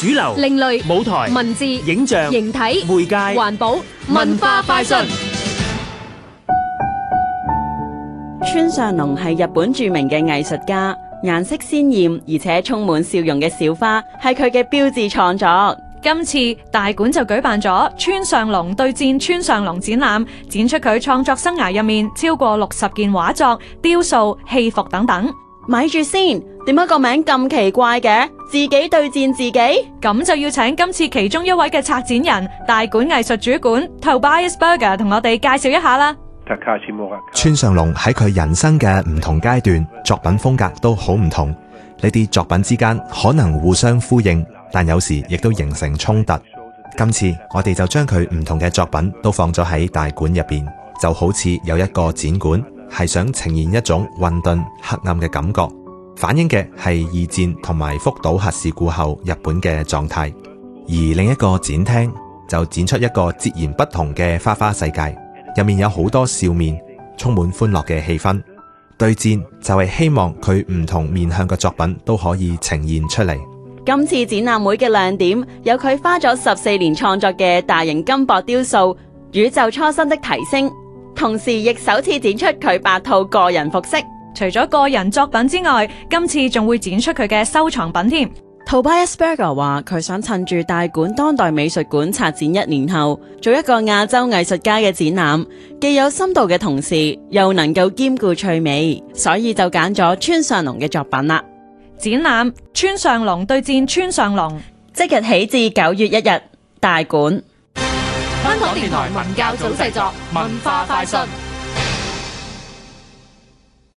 主流、另類舞台、文字、影像、形體、媒介、環保、文化快訊。村上隆係日本著名嘅藝術家，顏色鮮艷而且充滿笑容嘅小花係佢嘅標誌創作。今次大館就舉辦咗村上隆對戰村上隆展覽，展出佢創作生涯入面超過六十件畫作、雕塑、戲服等等。咪住先，點解個名咁奇怪嘅？自己對戰自己，咁就要請今次其中一位嘅策展人、大館藝術主管 Tobias Berger 同我哋介紹一下啦。村上隆喺佢人生嘅唔同階段，作品風格都好唔同，呢啲作品之間可能互相呼應，但有時亦都形成衝突。今次我哋就將佢唔同嘅作品都放咗喺大館入邊，就好似有一個展館係想呈現一種混沌、黑暗嘅感覺。反映嘅係二戰同埋福島核事故後日本嘅狀態，而另一個展廳就展出一個截然不同嘅花花世界，入面有好多笑面，充滿歡樂嘅氣氛。對戰就係希望佢唔同面向嘅作品都可以呈現出嚟。今次展覽會嘅亮點有佢花咗十四年創作嘅大型金箔雕塑《宇宙初生的提升》，同時亦首次展出佢八套個人服飾。除咗個人作品之外，今次仲會展出佢嘅收藏品添。Tobias Berger 話：佢想趁住大館當代美術館策展一年後，做一個亞洲藝術家嘅展覽，既有深度嘅同時，又能夠兼顧趣味，所以就揀咗村上隆嘅作品啦。展覽村上隆對戰村上隆，即日起至九月一日，大館。香港電台文教組製作，文化快訊。